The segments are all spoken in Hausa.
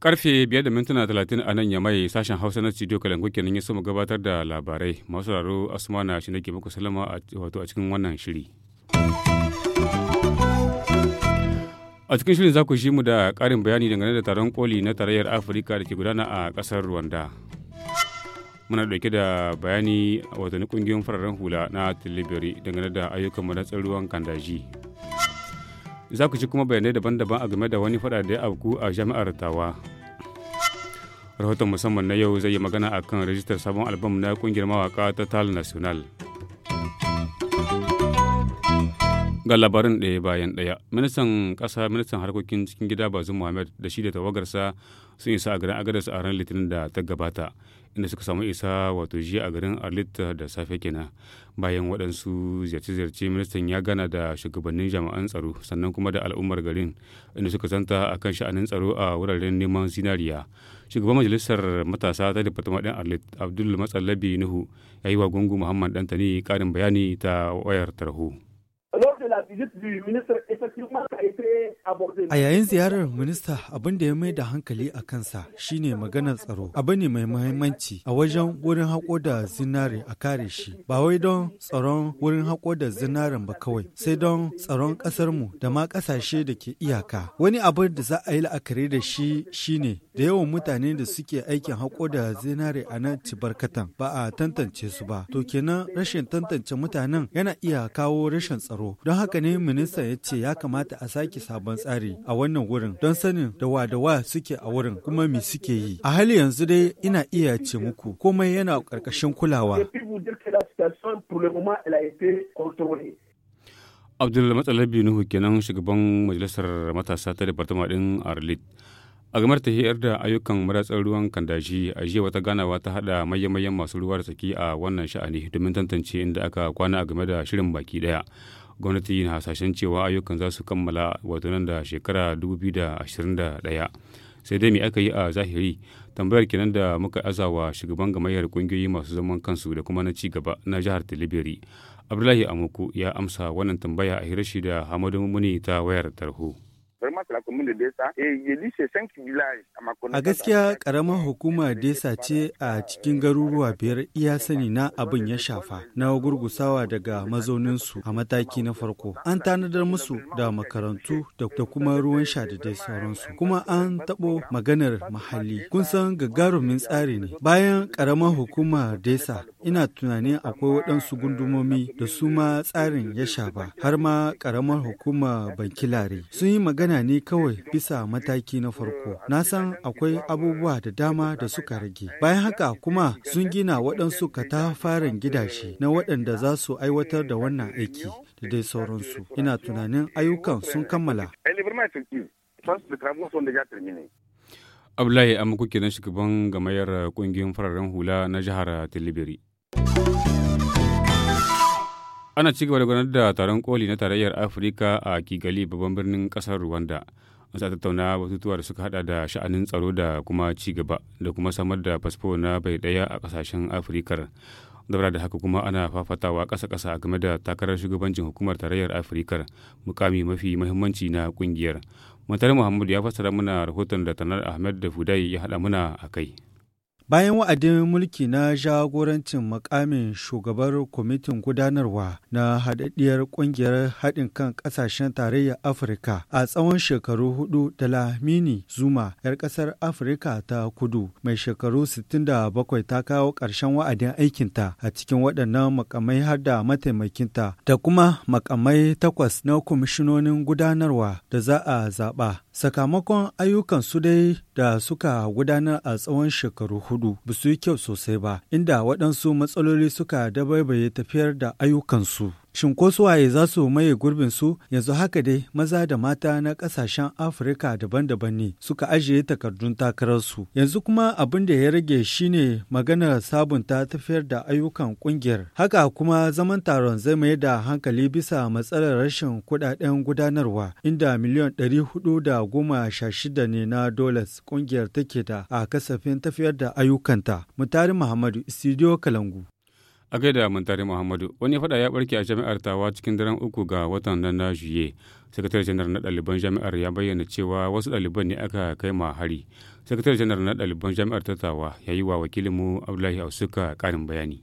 Karfe 5 da mintuna 30 a nan ya mai sashen Hausa na studio Kalangu kenan ya sama gabatar da labarai. Masu raro Asmana shi nake muku salama wato a cikin wannan shiri. a cikin shirin za ku shi mu da karin bayani dangane da taron koli na tarayyar afirka da ke gudana a kasar rwanda muna dauke da bayani a watanni kungiyoyin fararen hula na tilibiri dangane da ayyukan madatsar ruwan kandaji za ku ci kuma bayanai daban-daban a game da wani fada da ya afku a jami'ar tawa rahoton musamman na yau zai yi magana akan rajistar sabon albam na kungiyar mawaka ta tal national ga labarin ɗaya bayan ɗaya ministan kasa ministan harkokin cikin gida bazin muhammad da shi da tawagarsa sun isa a garin agadas a ranar litinin da ta gabata inda suka samu isa wato jiya a garin arlit da safe kenan bayan waɗansu ziyarce-ziyarce ministan ya gana da shugabannin jami'an tsaro sannan kuma da al'ummar garin inda suka zanta a kan sha'anin tsaro a wuraren neman zinariya shugaban majalisar matasa ta departament ɗin arlit abdul matsalabi nuhu ya yi wa gungu muhammad dantani ƙarin bayani ta wayar tarho. visite du ministre, effectivement, a été A yayin ziyarar minista abin da ya mai da hankali a kansa shine maganar tsaro. Abu ne mai mahimmanci a wajen wurin haƙo da zinare a kare shi. Ba wai don tsaron wurin haƙo da zinaren ba kawai, sai don tsaron ƙasarmu da ma ƙasashe da ke iyaka. Wani abu da za a yi la'akari da shi shine da yawan mutane da suke aikin haƙo da zinare a nan cibarkatan ba a tantance su ba. To kenan rashin tantance mutanen yana iya kawo rashin tsaro. Don haka ne minista ya ce ya kamata a sake sa sabon tsari a wannan wurin don sanin da wa da wa suke a wurin kuma me suke yi. A hali yanzu dai ina iya ce muku komai yana karkashin kulawa. Abdul Matsalabi Nuhu kenan shugaban majalisar matasa ta departama ɗin Arlit. a gamar hiyar da ayyukan maratsar ruwan kandashi a jiya wata ganawa ta hada mayan masu ruwa da tsaki a wannan sha'ani domin tantance inda aka kwana a game da shirin baki daya gwamnati na hasashen cewa ayyukan za su kammala wato nan da shekara 2021 sai dai me aka yi a zahiri tambayar kenan da muka azawa shugaban gamayyar kungiyoyi masu zaman kansu da kuma na ci gaba na jihar tilibiri abdullahi amuku ya amsa wannan tambaya a hirashi da hamadu muni ta wayar tarho A gaskiya karamar hukuma Desa ce a cikin garuruwa biyar iya sani na abin ya shafa na gurgusawa daga mazauninsu a mataki na farko. An tanadar musu da makarantu da kuma ruwan sha da dai sauransu. Kuma an tabo maganar mahalli. Kun san gagarumin tsari ne. Bayan karamar hukuma Desa ina tunanin akwai waɗansu gundumomi da su ma tsarin ya shafa har ma karamar hukuma Bankilare. Sun yi magana magana ne kawai bisa mataki na farko. Na san akwai abubuwa da dama da suka rage. Bayan haka kuma sun gina waɗansu katafaren gidaje na waɗanda za su aiwatar da wannan aiki da dai sauransu. Ina tunanin ayyukan sun kammala. kuke Amuku kenan shugaban gamayar kungiyar fararen hula na jihar Tilibiri. ana ci gaba da gudanar da taron koli na tarayyar afirka a kigali babban birnin kasar rwanda an sa tattauna batutuwa da suka hada da sha'anin tsaro da kuma ci gaba da kuma samar da fasfo na bai daya a kasashen afirka dabara da haka kuma ana fafatawa kasa kasa game da takarar shugabancin hukumar tarayyar afirka mukami mafi mahimmanci na kungiyar matar muhammadu ya fassara muna rahoton da tanar ahmed da fudai ya haɗa muna a kai Bayan wa'adin mulki na jagorancin makamin shugabar kwamitin gudanarwa na haɗaɗɗiyar ƙungiyar haɗin kan ƙasashen tarayyar Afirka a tsawon shekaru hudu da Lamini Zuma 'yar ƙasar Afirka ta kudu mai shekaru 67 ta kawo ƙarshen wa'adin aikinta a cikin waɗannan makamai har da mataimakinta da kuma makamai takwas na kwamishinonin gudanarwa da za a zaɓa. Sakamakon ayyukan su dai da suka gudanar a tsawon shekaru hudu. ardu ba su yi kyau sosai ba, inda waɗansu matsaloli suka dabaibaye tafiyar da ayyukansu. Shin ko suwaye za su maye gurbin su yanzu haka dai maza da mata na ƙasashen Afirka daban-daban ne suka ajiye takardun takarar su Yanzu kuma abin da ya rage shine maganar sabunta tafiyar da ayyukan ƙungiyar. Haka kuma zaman taron zai mai da hankali bisa matsalar rashin kuɗaɗen gudanarwa inda miliyan ɗari hudu da goma sha shida ne na dolas ƙungiyar take da a kasafin tafiyar da ayyukanta. Mutari Muhammadu, Studio Kalangu. a gaida muntari muhammadu wani fada ya barke a jami'ar tawa cikin daren uku ga watan nan na juye sakatare janar na ɗaliban jami'ar ya bayyana cewa wasu ɗaliban ne aka kai ma hari sakatare janar na ɗaliban jami'ar ta tawa ya yi wa wakilinmu abdullahi ausuka ƙarin bayani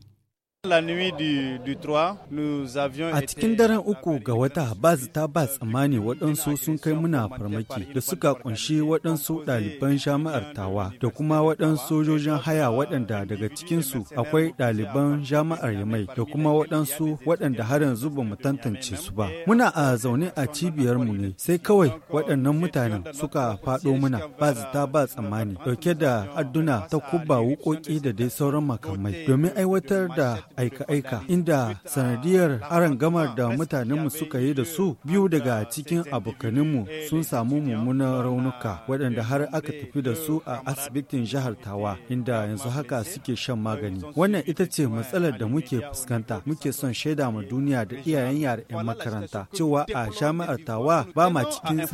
A cikin daren uku ga wata ba ta ba tsammani waɗansu sun kai muna farmaki da suka kunshi waɗansu ɗaliban jami'ar tawa da kuma waɗansu sojojin haya waɗanda daga cikinsu akwai ɗaliban jami'ar yamai da kuma waɗansu waɗanda har yanzu ba mu tantance su ba. Muna a zaune a cibiyar mu ne sai kawai waɗannan mutanen suka faɗo muna ba ta ba tsammani ɗauke da adduna ta kubba wuƙoƙi da dai sauran makamai domin aiwatar da aika-aika inda sanadiyar gamar da mutanenmu suka yi da su biyu daga cikin abokaninmu sun samu mummunan raunuka waɗanda har aka tafi da su a asibitin jihar tawa inda yanzu haka suke shan magani wannan ita ce matsalar da muke fuskanta muke son shaida ma duniya da iyayen yara 'yan makaranta cewa a jami'ar tawa ba ma cikin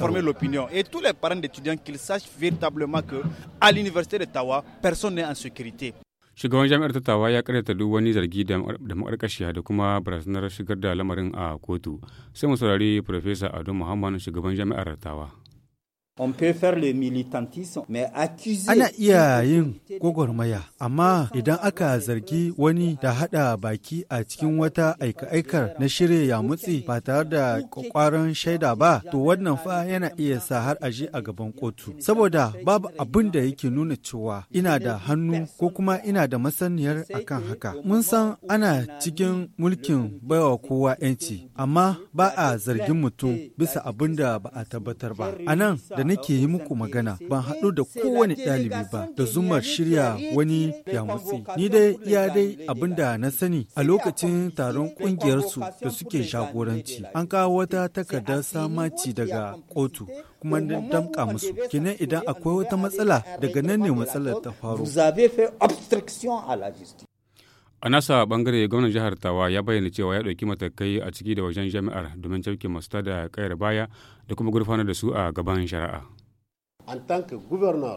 tsaro. à personne en shugaban jami'ar tattawa ya karyata duk wani zargi da makarkashiya da kuma barazanar shigar da lamarin a kotu sai mu saurari profesa ado muhammad shugaban jami'ar tattawa Ana iya yin gwagwarmaya, amma idan aka zargi wani da haɗa baki a cikin wata aika-aikar na shirya ya mutsi ba tare da kwakwaran shaida ba, to wannan fa yana iya sa har aje a gaban kotu. Saboda babu abin da yake nuna cewa ina da hannu ko kuma ina da masaniyar akan haka. Mun san ana cikin mulkin baiwa kowa 'yanci, amma ba a zargin mutum bisa abin da ba a tabbatar ba. A nan da nake yi muku magana ban haɗu da kowane ɗalibi ba da zumar shirya wani ya yamutse. Ni dai ya dai abin da na sani a lokacin taron ƙungiyarsu da suke jagoranci. An kawo wata takardar samaci daga kotu kuma damƙa musu. Kenan idan akwai wata matsala daga nan ne matsalar ta faro. a nasa bangare gwamnan jihar tawa ya bayyana cewa ya ɗauki matakai a ciki da wajen jami'ar domin cafke masu tada kayar baya da kuma gurfanar da su a gaban shari'a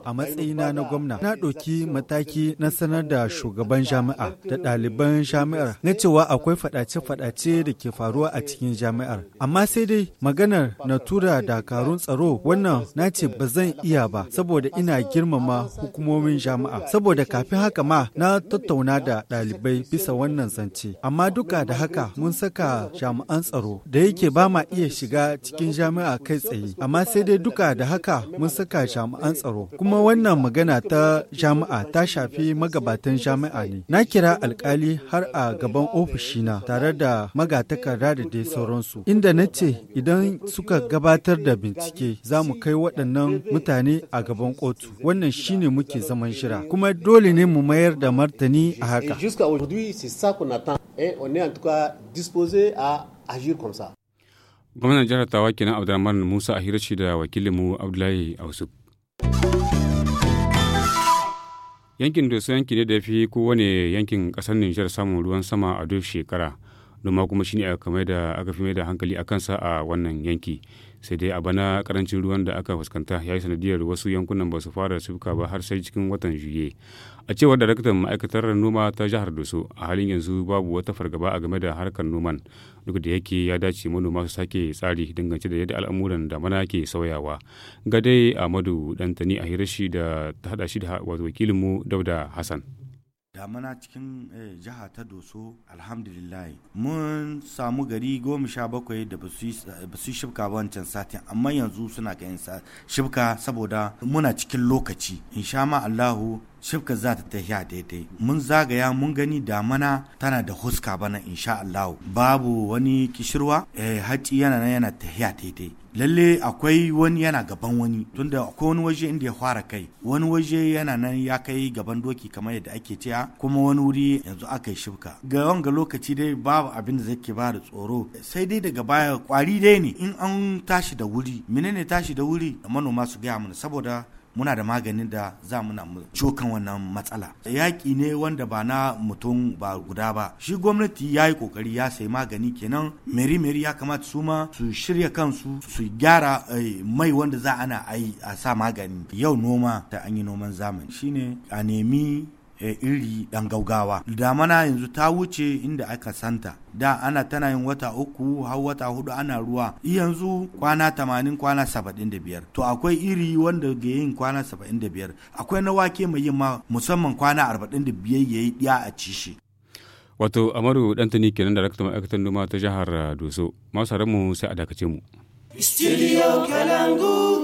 A matsayina na gwamna, na ɗauki mataki na sanar da shugaban jami'a da ɗaliban jami'ar na cewa akwai faɗace-faɗace da ke faruwa a cikin jami'ar. Amma sai dai maganar na tura dakarun tsaro wannan na ce ba zan iya ba saboda ina girmama hukumomin jami'a. Saboda kafin haka ma na tattauna da ɗalibai bisa wannan zance. Amma duka da haka mun saka jami'an tsaro da yake ba ma iya shiga cikin jami'a kai tsaye. Amma sai dai duka da haka mun saka jami'an tsaro. Kuma wannan magana ta jami'a ta shafi magabatan jami'a ne. Na kira alkali har a gaban ofishina tare da magatakarda da dai sauransu. Inda na ce idan suka gabatar da bincike za mu kai waɗannan mutane a gaban kotu. Wannan shine muke zaman shira. Kuma dole ne mu mayar da martani a haka. Gwamnan jihar Tawa kenan Abdulrahman Musa a hirashi da wakilinmu Abdullahi Ausuf. Yankin Doso yanki ne da fi kowane yankin kasar Nijar samun ruwan sama a duk shekara, noma kuma shine ne da aka fi mai da hankali a kansa a wannan yanki. sai dai a bana karancin ruwan da aka fuskanta ya yi sanadiyar wasu yankunan ba su fara shuka ba har sai cikin watan juye a cewar daraktan ma'aikatar noma ta jihar doso a halin yanzu babu wata fargaba a game da harkar noman duk da yake ya dace manoma su sake tsari dangance da yadda al'amuran da mana ke sauyawa gadai dai amadu dantani a hirashi da ta hada shi da wakilinmu dauda hassan damana cikin eh, jiha ta doso alhamdulillah mun samu gari goma sha bakwai da ba su yi shibka ba wancan satin amma yanzu suna ga shibka saboda muna cikin lokaci in sha ma allahu shifka za ta tafiya daidai mun zagaya mun gani da mana tana da huska bana insha Allah babu wani kishirwa eh haci yana nan yana tafiya daidai lalle akwai wani yana gaban wani tunda akwai wani waje inda ya fara kai wani waje yana nan ya kai gaban doki kamar yadda ake cewa kuma wani wuri yanzu aka yi shifka ga wanga lokaci dai babu abin da zai ba da tsoro sai dai daga baya kwari dai ne in an tashi da wuri menene tashi da wuri manoma su gaya mana saboda muna da maganin da za mu cokan wannan matsala yaƙi ne wanda ba na mutum ba guda ba shi gwamnati ya yi ƙoƙari ya sai magani kenan meri meri ya kamata su ma su shirya kansu su gyara eh, mai wanda za ana a sa magani yau noma ta an yi noman zamani shine a nemi Eh, iri dan gaugawa damana yanzu ta wuce inda aka santa da ana tana yin wata uku har wata hudu ana ruwa yanzu kwana tamanin kwana saba'in da biyar to akwai iri wanda ga yin kwana saba'in da biyar akwai na wake mai yin ma musamman kwana arba'in da biyar ya yi ɗiya a ci shi wato amaru dantani kenan daraktan ma'aikatan noma ta jihar doso masu mu sai a dakace mu studio kalangu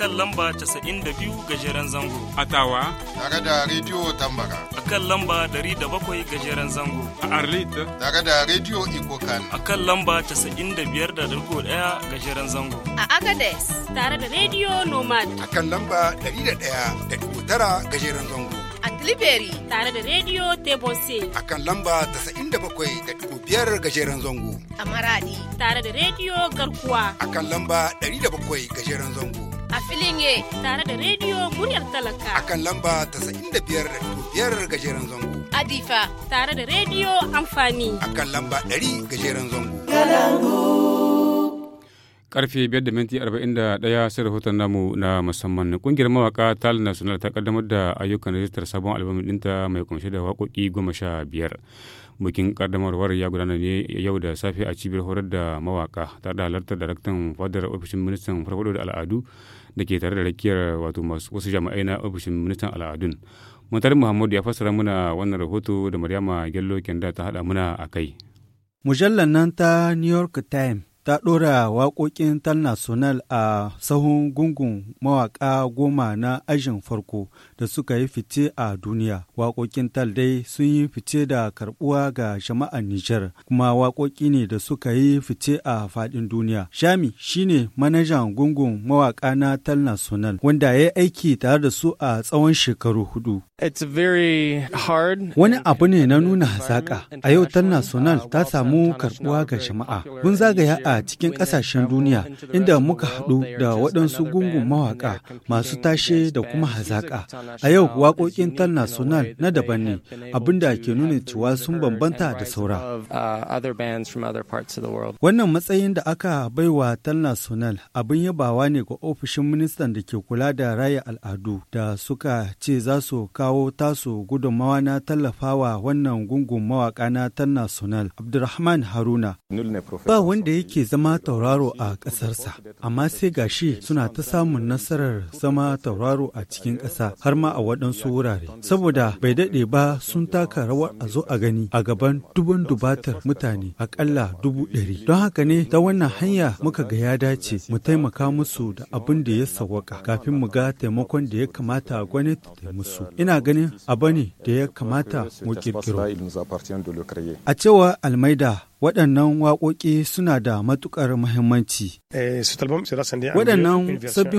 kan lamba 92 gajeren zango. a Atawa. Tare da Radio Tambara. A kan lamba 107 gajeren zango. A Arlit. Tare da Radio Ikokan. A kan lamba ɗaya gajeren zango. A Agades. Tare da Radio Nomad. A kan lamba 101.9 gajeren zango. a Tilibiri tare da Radio Tebose. A kan lamba da bakwai biyar gajeren zango. A Maradi tare da Radio Garkuwa. A kan lamba 107 gajeren zango. a filin ye tare da rediyo muryar talaka akan lamba da biyar gajeren zango adifa tare da rediyo amfani akan lamba 100 gajeren zango karfe 5.41 sai rahoton namu na musamman kungiyar mawaka tal national ta kaddamar da ayyukan rajistar sabon albamin dinta mai kumshe da waƙoƙi goma sha biyar bikin kaddamarwar ya gudana ne yau da safe a cibiyar horar da mawaka ta da halartar daraktan fadar ofishin ministan farfado da al'adu da ke tare da rakiyar wato wasu jami'ai na ofishin ministan al'adun muntar muhammadu ya fassara muna wannan rahoto da maryama gello kenda ta hada muna a kai mujallar nan ta new york times ta ɗora waƙoƙin tal national a sahun gungun mawaƙa goma na ajin farko da suka yi fice a duniya waƙoƙin tal dai sun yi fice da karɓuwa ga jama'ar nijar kuma waƙoƙi ne da suka yi fice a faɗin duniya shami shine manajan gungun mawaƙa na tal national wanda ya yi aiki tare da su a tsawon shekaru hudu wani abu ne na nuna hazaƙa a yau tal national ta samu karɓuwa ga jama'a mun zagaya a a cikin ƙasashen duniya inda muka haɗu da waɗansu gungun mawaƙa masu tashe da kuma hazaƙa. A yau waƙoƙin national na daban ne abinda ke nuna cewa sun bambanta da saura. Wannan matsayin da aka baiwa national abin yabawa ne ga ofishin ministan da ke kula da raya al'adu da suka ce za su kawo tasu gudunmawa na tallafawa wannan gungun mawaƙa na national Abdulrahman Haruna. Ba wanda yake yake zama tauraro a ƙasarsa, amma sai gashi suna ta samun nasarar zama tauraro a cikin ƙasa har ma a waɗansu wurare. Saboda bai daɗe ba sun taka rawar a zo a gani a gaban duban dubatar mutane aƙalla dubu ɗari. Don haka ne ta wannan hanya muka ga ya dace mu taimaka musu da abin da ya sawwaka kafin mu ga taimakon da ya kamata gwamnati ta musu. Ina ganin abu ne da ya kamata mu ƙirƙiro. A cewa Almaida waɗannan waƙoƙi suna da matuƙar muhimmanci. Eh, waɗannan sabbin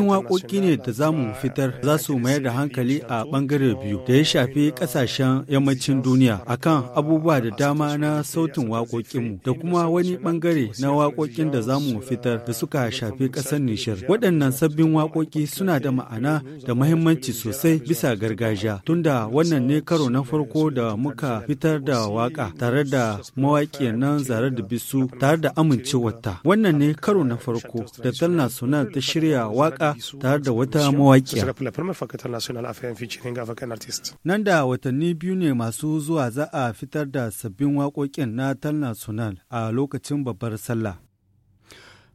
waƙoƙi ne da za mu fitar eh, za su mayar da hankali a ɓangare biyu da ya shafi ƙasashen yammacin duniya akan abubuwa da dama na sautin waƙoƙinmu da kuma wani ɓangare na waƙoƙin da za mu fitar da suka shafi ƙasar Nishir. Waɗannan sabbin waƙoƙi suna da ma'ana da muhimmanci sosai bisa gargajiya tunda wannan ne karo na farko da muka fitar da waƙa tare da mawaƙi nan zarar da bisu tare da amincewarta. Wannan ne karo na farko da tal national ta shirya waka tare da wata mawakiya. Nan da watanni biyu ne masu zuwa za a fitar da sabbin waƙoƙin na tal national a lokacin babbar sallah.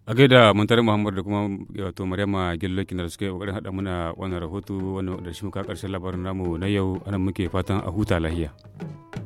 a gaida muntari muhammad da kuma wato maryama gillokin da suke kokarin hada muna wannan rahoto wannan da shi muka karshen labarin namu na yau anan muke fatan a huta lahiya